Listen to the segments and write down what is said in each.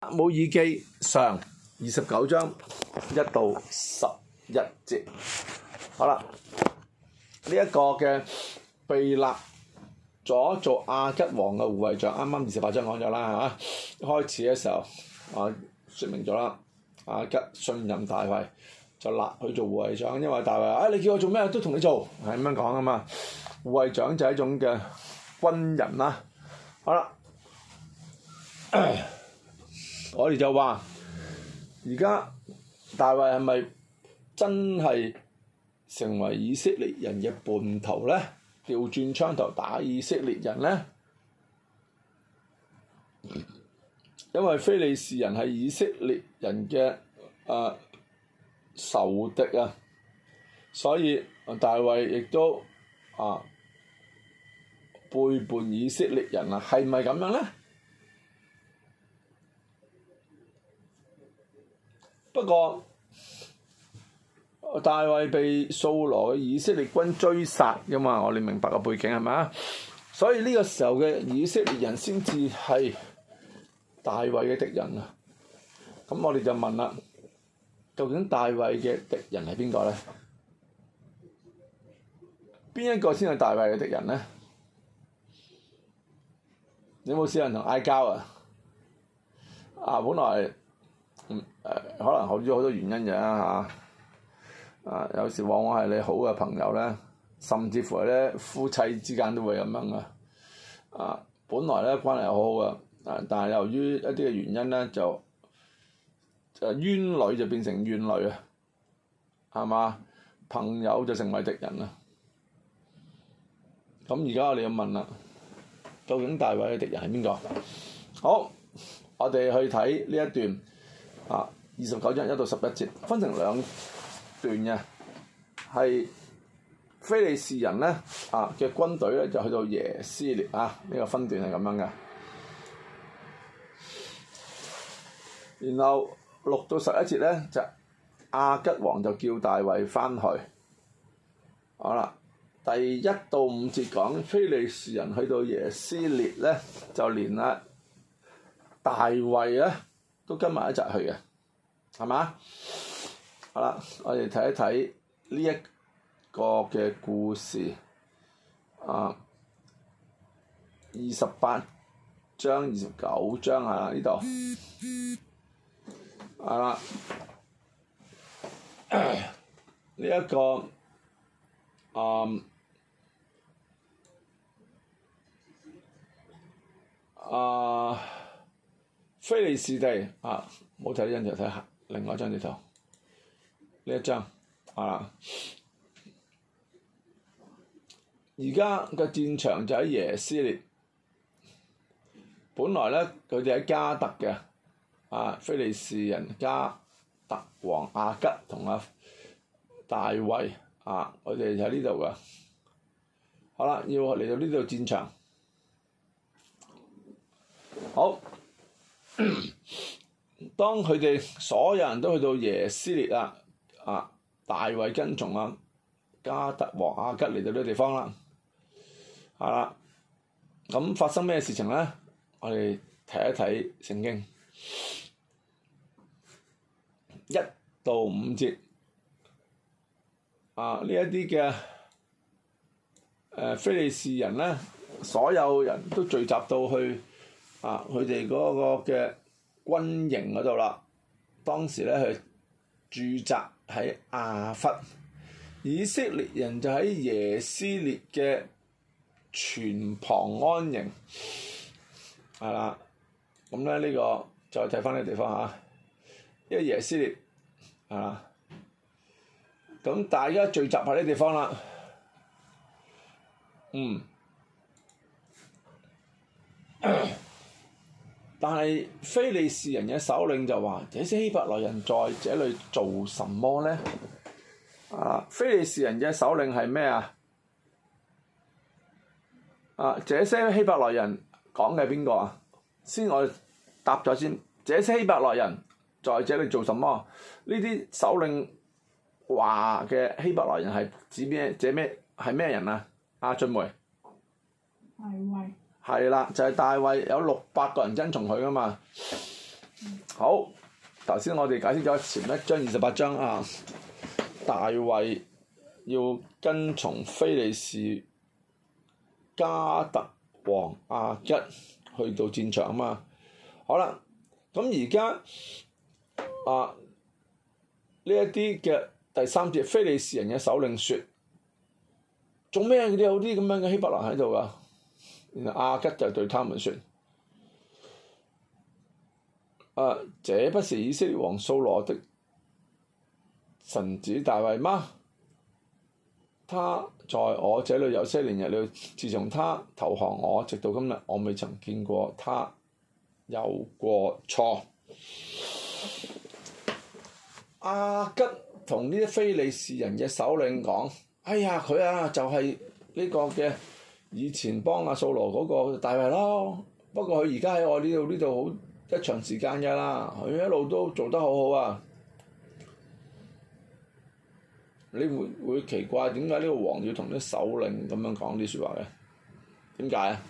《撒母耳記》上二十九章一到十一節，好啦，呢、這、一個嘅被立咗做亞吉王嘅護衛長，啱啱二十八章講咗啦吓，開始嘅時候啊，說明咗啦，阿、啊、吉信任大衛，就立佢做護衛長，因為大衛啊、哎，你叫我做咩都同你做，係咁樣講噶嘛。護衛長就係一種嘅軍人啦、啊，好啦。我哋就話：而家大衛係咪真係成為以色列人嘅叛徒咧？調轉槍頭打以色列人咧？因為非利士人係以色列人嘅誒、呃、仇敵啊，所以大衛亦都啊背叛以色列人啊，係咪咁樣咧？不過，大衛被掃羅以色列軍追殺噶嘛？我哋明白個背景係咪啊？所以呢個時候嘅以色列人先至係大衛嘅敵人啊！咁我哋就問啦，究竟大衛嘅敵人係邊個咧？邊一個先係大衛嘅敵人咧？你有冇小人同嗌交啊？啊，本來～可能由於好多原因嘅嚇，啊有時往往係你好嘅朋友咧，甚至乎咧夫妻之間都會咁樣嘅，啊本來咧關係好好嘅，啊但係由於一啲嘅原因咧就誒冤侶就變成怨女啊，係嘛，朋友就成為敵人啦。咁而家我哋要問啦，究竟大衛嘅敵人係邊個？好，我哋去睇呢一段。啊，二十九章一到十一節分成兩段嘅，係非利士人咧啊嘅軍隊咧就去到耶斯列啊，呢、這個分段係咁樣嘅。然後六到十一節咧就亞吉王就叫大衛翻去，好啦，第一到五節講非利士人去到耶斯列咧，就連啊大衛咧。都跟埋一齊去嘅，係嘛？好啦，我哋睇一睇呢一個嘅故事，啊，二十八章、二十九章係啦，呢度，係啦，呢一個啊啊。 這個嗯啊非利士地啊，冇睇呢張圖，睇下另外一張呢圖，呢一張啊。而家個戰場就喺耶斯列，本來咧佢哋喺加特嘅啊，非利士人加特王亞吉同阿大衛啊，我哋喺呢度嘅，好、啊、啦，要嚟到呢度戰場，好。 當佢哋所有人都去到耶斯列啊，啊大衛跟從啊迦特和亞吉嚟到呢個地方啦，係、啊、啦，咁發生咩事情咧？我哋睇一睇聖經一到五節，啊呢一啲嘅誒非利士人咧，所有人都聚集到去。啊！佢哋嗰個嘅軍營嗰度啦，當時咧佢駐紮喺亞弗，以色列人就喺耶斯列嘅泉旁安營，係啦。咁咧呢個再睇翻呢個地方嚇，因、啊、為、這個、耶斯列係啦，咁大家聚集喺呢地方啦，嗯。 但係腓利士人嘅首領就話：這些希伯來人在這裏做什麼呢？啊，腓利士人嘅首領係咩啊？啊，這些希伯來人講嘅係邊個啊？先我先答咗先。這些希伯來人在這裏做什麼？呢啲首領話嘅希伯來人係指咩？指咩係咩人啊？啊，俊梅。係喂、哎。係啦，就係、是、大衛有六百個人跟從佢噶嘛。好，頭先我哋解釋咗前一章二十八章啊，大衛要跟從非利士加特王亞吉去到戰場啊嘛。好啦，咁而家啊呢一啲嘅第三節非利士人嘅首領説：做咩？佢哋有啲咁樣嘅希伯來喺度噶？亞吉就對他們說：誒、啊，這不是以色列王掃羅的臣子大衛嗎？他在我這裏有些年日了，自從他投降我，直到今日，我未曾見過他有過錯。亞、啊、吉同呢啲非利士人嘅首領講：哎呀，佢啊就係、是、呢個嘅。以前幫阿掃羅嗰個大衞咯，不過佢而家喺我呢度呢度好一長時間嘅啦，佢一路都做得好好啊！你會會奇怪點解呢個王要同啲首領咁樣講啲説話嘅？點解啊？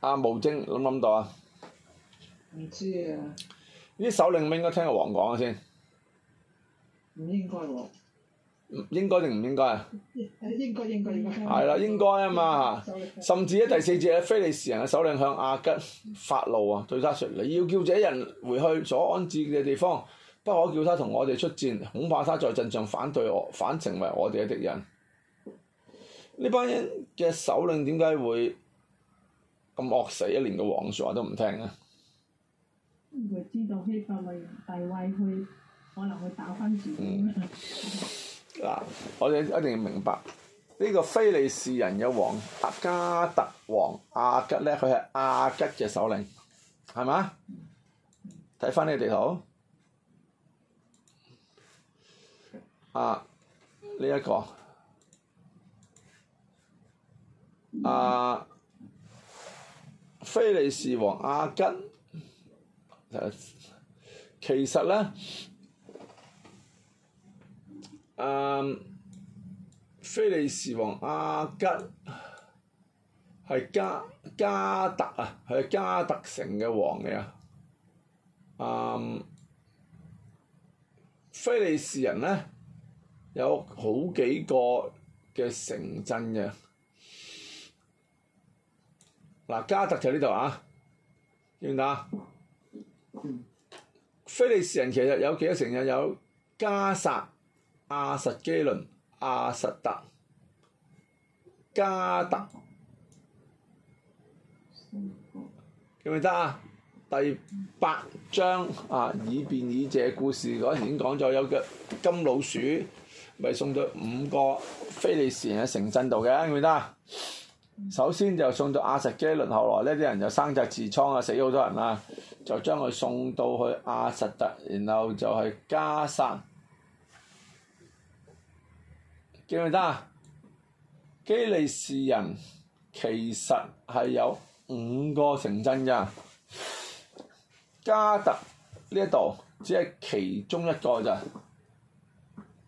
阿茂精諗唔諗到啊？唔知啊！呢首領唔應該聽阿王講先。唔應該喎。應該定唔應該啊？應該應該應該。係啦，應該啊嘛。甚至喺第四節咧，非利士人嘅首領向亞吉發怒啊，對他説：你要叫這人回去所安置嘅地方，不可叫他同我哋出戰，恐怕他在陣上反對我，反成為我哋嘅敵人。呢班人嘅首領點解會咁惡死一連個王説話都唔聽咧？知道希伯來人地位去，可能會打翻主意。嗯嗱、啊，我哋一定要明白呢、這個非利士人嘅王阿迦特王亞吉咧，佢係亞吉嘅首領，係嘛？睇翻呢個地圖，啊，呢、這、一個，啊，非利士王亞吉，其實咧。誒，腓力、um, 士王亞吉係加加，加特啊，係加特城嘅王嚟啊。誒，腓力士人咧有好幾個嘅城鎮嘅。嗱、啊，加特就喺呢度啊。點打？嗯、菲利士人其實有幾多城鎮？有加薩。亞實基倫、亞實突、迦特，記唔記得啊？第八章啊，以便以謝故事嗰時已經講咗，有隻金老鼠，咪送咗五個非利士人喺城鎮度嘅，記唔記得？首先就送咗亞實基倫，後來呢啲人就生隻痔瘡啊，死咗好多人啊，就將佢送到去亞實突，然後就係迦薩。記唔記得啊？基利士人其實係有五個城鎮㗎，加特呢一度只係其中一個咋，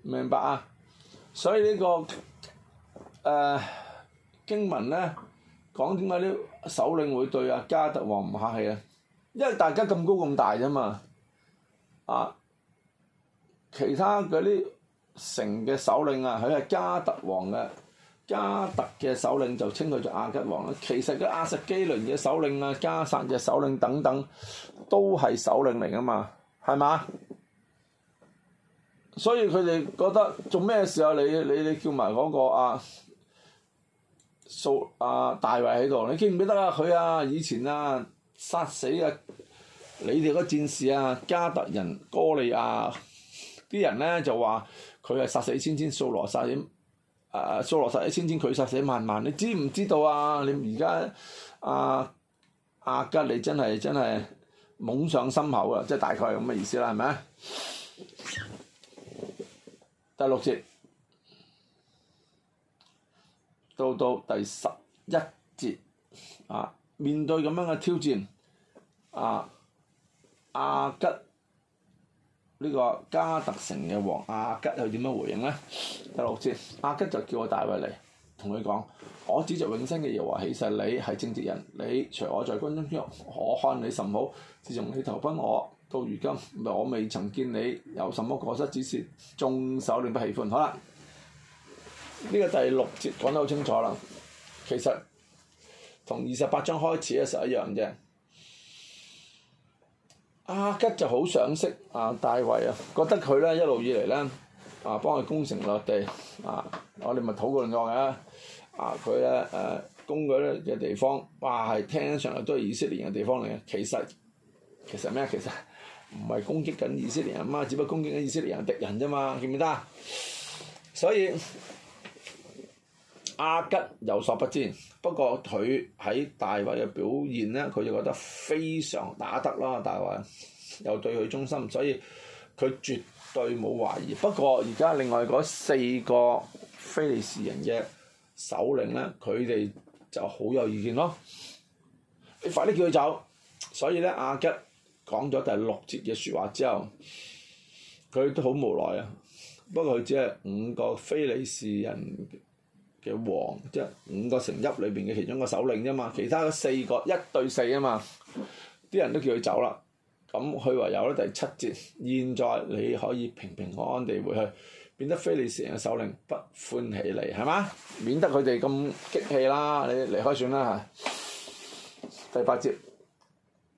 明白啊？所以呢、呢個誒、呃、經文咧講點解啲首領會對阿加特王唔客氣啊？因為大家咁高咁大啫嘛，啊，其他嗰啲。城嘅首領啊，佢係加特王嘅，加特嘅首領就稱佢做亞吉王啦。其實個亞實基倫嘅首領啊，加薩嘅首領等等，都係首領嚟噶嘛，係嘛？所以佢哋覺得做咩事啊？你你你叫埋嗰個啊，掃啊大衛喺度，你記唔記得啊？佢啊，以前啊，殺死啊，你哋嗰戰士啊，加特人哥利亞啲人咧就話。佢係殺死千千掃羅殺，咁啊掃羅殺死千千佢殺死萬萬，你知唔知道啊？你而家阿阿吉，你真係真係懵上心口啊！即係大概係咁嘅意思啦，係咪？第六節到到第十一節啊，面對咁樣嘅挑戰啊，阿吉。呢個加特城嘅王阿吉又點樣回應呢？第六節，阿吉就叫我大衛嚟，同佢講：我指着永生嘅耶和華起誓，你係正直人，你除我在軍中，我看你甚好。自從你投奔我到如今，唔係我未曾見你有什麼過失，只是眾首領不喜歡。好啦，呢、這個第六節講得好清楚啦。其實同二十八章開始嘅時候一樣啫。阿、啊、吉就好賞識啊，戴維啊，覺得佢咧一路以嚟咧啊，幫佢攻城略地啊，我哋咪討論過嘅，啊佢咧誒攻佢啲嘅地方，哇係聽起上嚟都係以色列人嘅地方嚟嘅，其實其實咩？其實唔係攻擊緊以色列人啊嘛，只不過攻擊緊以色列人敵人咋嘛，記唔記得？所以。亞吉有所不知，不過佢喺大衞嘅表現咧，佢就覺得非常打得啦。大衞又對佢忠心，所以佢絕對冇懷疑。不過而家另外嗰四個非利士人嘅首領咧，佢哋就好有意見咯。你快啲叫佢走！所以咧，亞吉講咗第六節嘅説話之後，佢都好無奈啊。不過佢只係五個非利士人。嘅王即係五個成邑裏邊嘅其中一個首領啫嘛，其他四個一對四啊嘛，啲人都叫佢走啦。咁佢話有咗第七節，現在你可以平平安安地回去，免得非利士人嘅首領不歡喜你係嘛，免得佢哋咁激氣啦。你離開算啦嚇。第八節，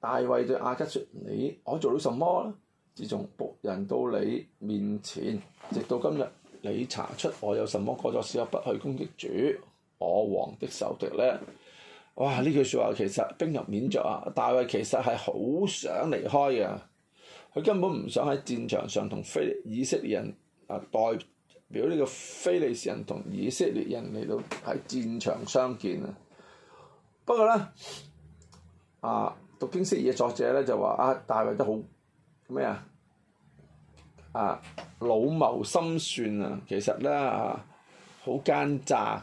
大衛對亞吉説：你我做到什麼？自從僕人到你面前，直到今日。你查出我有什麼過錯，使我不去攻擊主，我王的仇敵呢？哇！呢句説話其實兵入面著啊，大衛其實係好想離開嘅，佢根本唔想喺戰場上同非以色列人啊代表呢個非利士人同以色列人嚟到喺戰場相見啊！不過呢，啊讀經釋義嘅作者咧就話啊，大衛都好咩啊？啊！老謀深算啊，其實咧嚇，好奸詐。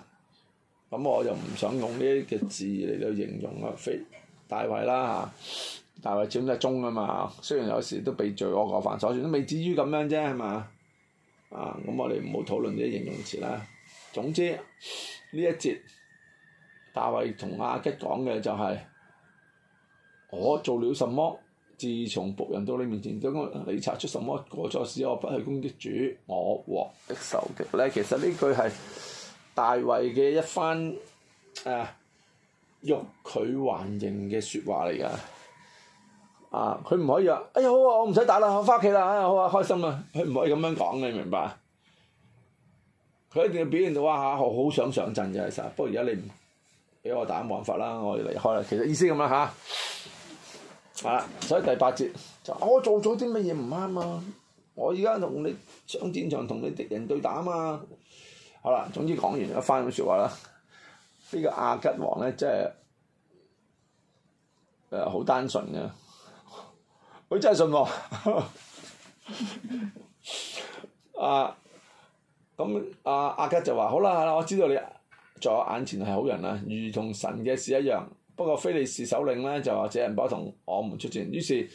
咁我就唔想用呢啲嘅字嚟到形容大衛啦。肥大衛啦，嚇，大衛占終中係啊嘛，雖然有時都被罪惡過犯所住，都未至於咁樣啫係嘛。啊，咁我哋唔好討論呢啲形容詞啦。總之呢一節大衛同阿吉講嘅就係、是、我做了什麼。自從僕人到你面前，你查出什麼過錯使，我不去攻擊主，我王的仇敵呢？其實呢句係大衛嘅一番誒欲拒還迎嘅説話嚟㗎。啊，佢唔、啊、可以話，哎呀好啊，我唔使打啦，我翻屋企啦，哎呀好啊，開心啊。佢唔可以咁樣講，你明白？佢一定要表現到，哇、啊、我好想上陣嘅。其實，不過而家你唔俾我打，冇辦法啦，我要離開啦。其實意思咁啦，嚇、啊。係啦，所以第八節，就我做咗啲乜嘢唔啱啊？我而家同你上戰場同你敵人對打啊嘛！好啦，總之講完一番咁説話啦。呢、呢個阿吉王咧，真係誒好單純嘅，佢真係信喎。 啊！咁啊，亞吉就話：好啦，我知道你在我眼前係好人啊，如同神嘅事一樣。不過，非利士首領咧就話：這人不同我們出戰。於是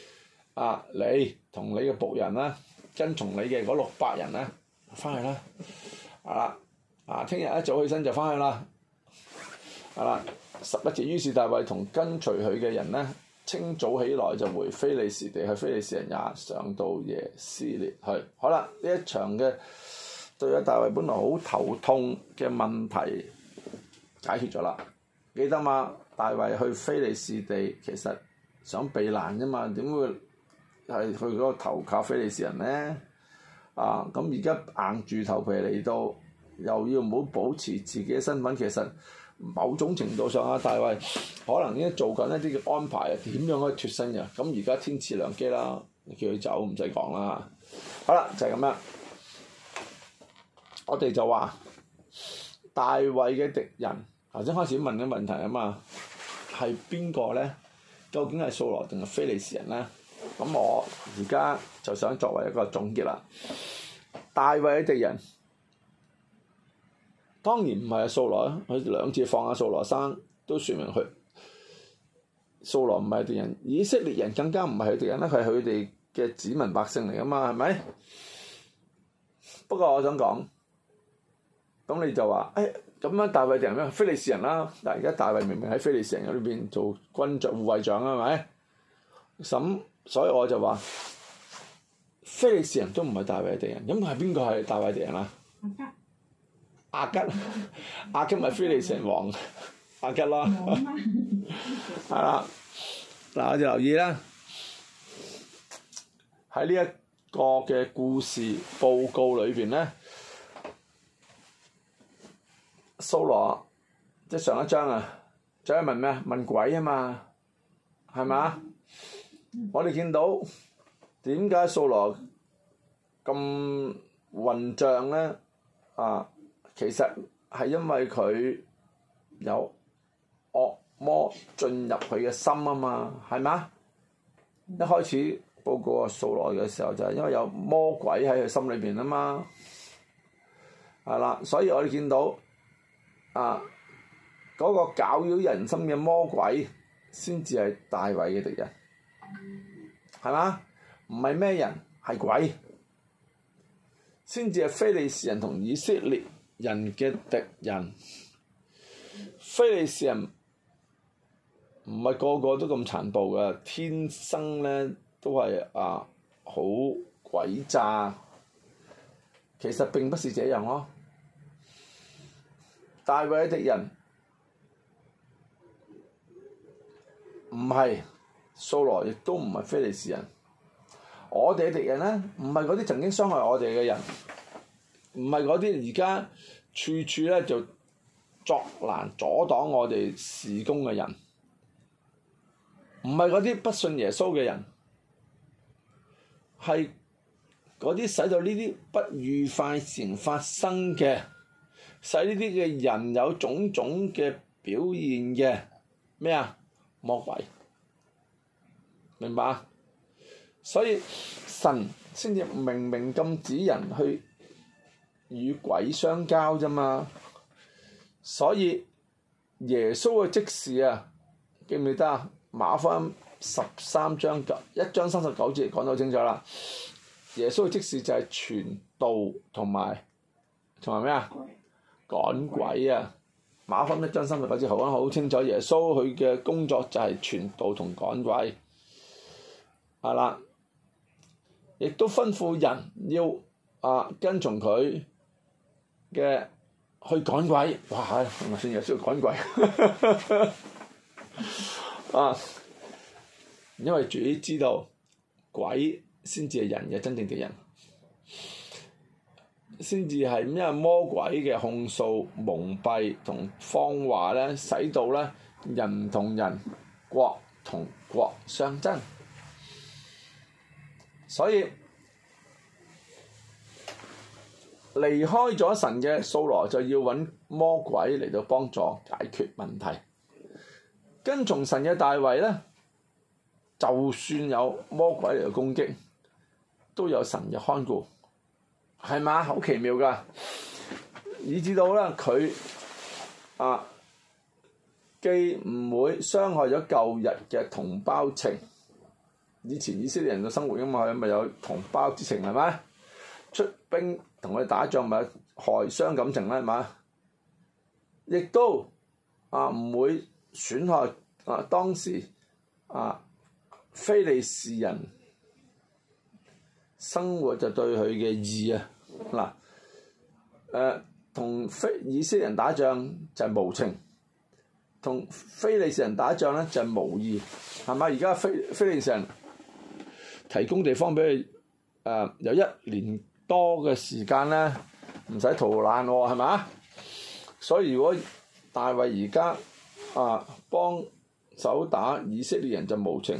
啊，你同你嘅僕人咧，跟從你嘅嗰六百人咧，翻去啦。啊啊！聽日一早起身就翻去啦。啊啦！十一節，於是大衛同跟隨佢嘅人咧，清早起來就回非利士地，去非利士人也上到耶斯列去。好啦，呢一場嘅對啊，大衛本來好頭痛嘅問題解決咗啦。記得嘛？大衛去菲利士地，其實想避難啫嘛，點會係去嗰個投靠菲利士人咧？啊，咁而家硬住頭皮嚟到，又要唔好保持自己嘅身份，其實某種程度上啊，大衛可能已呢做緊一啲嘅安排啊，點樣可以脫身嘅？咁而家天賜良機啦，你叫佢走唔使講啦。好啦，就係、是、咁樣，我哋就話大衛嘅敵人頭先開始問嘅問題啊嘛。係邊個咧？究竟係掃羅定係非利士人咧？咁我而家就想作為一個總結啦，大衞嘅敵人當然唔係啊掃羅啦，佢兩次放下掃羅生都説明佢掃羅唔係敵人，以色列人更加唔係佢敵人，佢係佢哋嘅子民百姓嚟啊嘛，係咪？不過我想講，咁你就話誒。哎咁樣大衛敵人咩？非利士人啦，但而家大衛明明喺非利士人嗰邊做軍長、護衛長啊，係咪？咁所以我就話，非利士人都唔係大衛敵人。咁係邊個係大衛敵人啊？亞吉，阿、啊、吉，亞、啊、吉咪非利士王，阿、啊、吉咯，係啦。嗱， 我哋留意啦，喺呢一個嘅故事報告裏邊咧。掃羅即係上一章啊，再問咩？問鬼啊嘛，係咪？ 我哋見到點解掃羅咁混帳咧？啊，其實係因為佢有惡魔進入佢嘅心啊嘛，係咪啊？ 一開始報告個掃羅嘅時候就係、是、因為有魔鬼喺佢心裏邊啊嘛，係啦，所以我哋見到。啊！嗰、那個攪擾人心嘅魔鬼，先至係大衛嘅敵人，係嘛？唔係咩人係鬼，先至係非利士人同以色列人嘅敵人。非利士人唔係個個都咁殘暴嘅，天生咧，都係啊好鬼詐。其實並不是這樣咯。大位嘅敵人唔係掃羅，亦都唔係菲利士人。我哋嘅敵人咧，唔係嗰啲曾經傷害我哋嘅人，唔係嗰啲而家處處咧就作難阻擋我哋事工嘅人，唔係嗰啲不信耶穌嘅人，係嗰啲使到呢啲不愉快事發生嘅。使呢啲嘅人有種種嘅表現嘅咩啊？魔鬼，明白，所以神先至明明禁止人去與鬼相交啫嘛。所以耶穌嘅即時啊，記唔記得啊？馬方十三章一章三十九節講到清楚啦。耶穌嘅即時就係傳道同埋同埋咩啊？趕鬼啊！馬分一張心靈鬼志，後生好清楚耶穌佢嘅工作就係傳道同趕鬼，係啦，亦都吩咐人要啊跟從佢嘅去趕鬼。哇！我算耶穌要趕鬼啊！因為主知道鬼先至係人嘅真正嘅人。先至係，因為魔鬼嘅控訴、蒙蔽同謊話咧，使到咧人同人、國同國相爭。所以離開咗神嘅掃羅，就要揾魔鬼嚟到幫助解決問題。跟從神嘅大衞咧，就算有魔鬼嚟到攻擊，都有神嘅看顧。係嘛？好奇妙㗎！以至到啦，佢啊既唔會傷害咗舊日嘅同胞情，以前以色列人嘅生活啊嘛，咪有同胞之情係嘛？出兵同佢打仗咪有、就是、害傷感情啦係嘛？亦都啊唔會損害啊當時啊非利士人。生活就對佢嘅意啊！嗱、啊，誒同非以色列人打仗就無情，同非利士人打仗咧就無義，係咪？而家非非利士人提供地方俾佢誒，有一年多嘅時間咧，唔使逃難喎、啊，係咪？所以如果大衛而家啊幫手打以色列人就無情，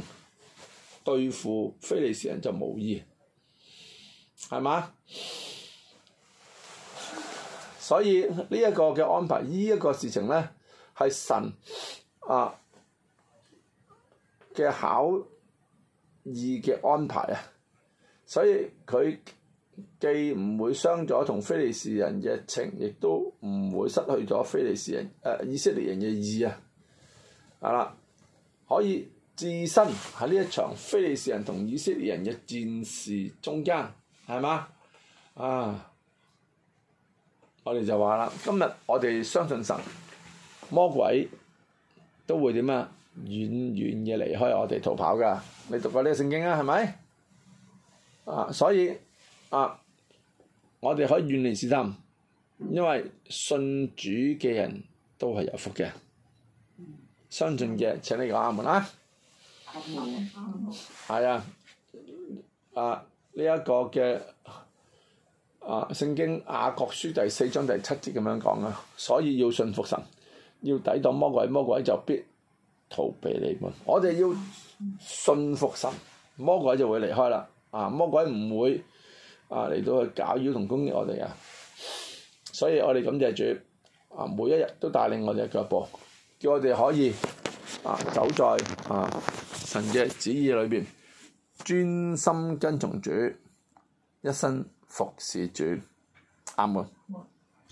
對付非利士人就無義。係嘛？所以呢一、這個嘅安排，呢、這、一個事情呢，係神啊嘅考義嘅安排啊！所以佢既唔會傷咗同非利士人嘅情，亦都唔會失去咗非利士人誒、啊、以色列人嘅意。啊！係啦，可以置身喺呢一場非利士人同以色列人嘅戰事中間。係咪？啊！我哋就話啦，今日我哋相信神，魔鬼都會點啊？遠遠嘅離，離開我哋逃跑噶。你讀過呢個聖經啊？係咪？啊，所以啊，我哋可以遠離試探，因為信主嘅人都係有福嘅。相信嘅，請你講阿門啦，啊，阿門、嗯。係啊！啊！呢一個嘅啊，聖經雅各書第四章第七節咁樣講啊，所以要信服神，要抵擋魔鬼，魔鬼就必逃避你們。我哋要信服神，魔鬼就會離開啦。啊，魔鬼唔會啊嚟到去搞擾同攻擊我哋啊。所以我哋感謝主啊，每一日都帶領我哋嘅腳步，叫我哋可以啊走在啊神嘅旨意裏邊。專心跟從主，一生服侍主，啱唔？